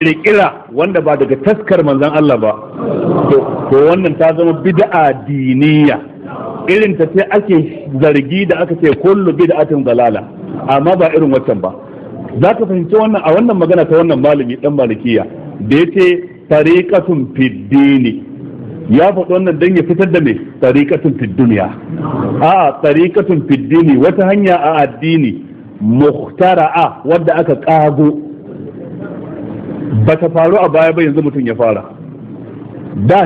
ƙirƙira wanda ba daga taskar manzan Allah ba to wannan ta zama bid'a diniya irin ta sai ake zargi da aka ce kullu bid'atin dalala amma ba irin wancan ba za ka fahimci wannan a wannan magana ta wannan malami dan malikiya da yace tariqatun fid ya faɗi wannan dan ya fitar da me tariqatun fid dunya a tariqatun wata hanya a addini muhtara'a wadda aka kago ba ta faru a baya ba yanzu mutum ya fara da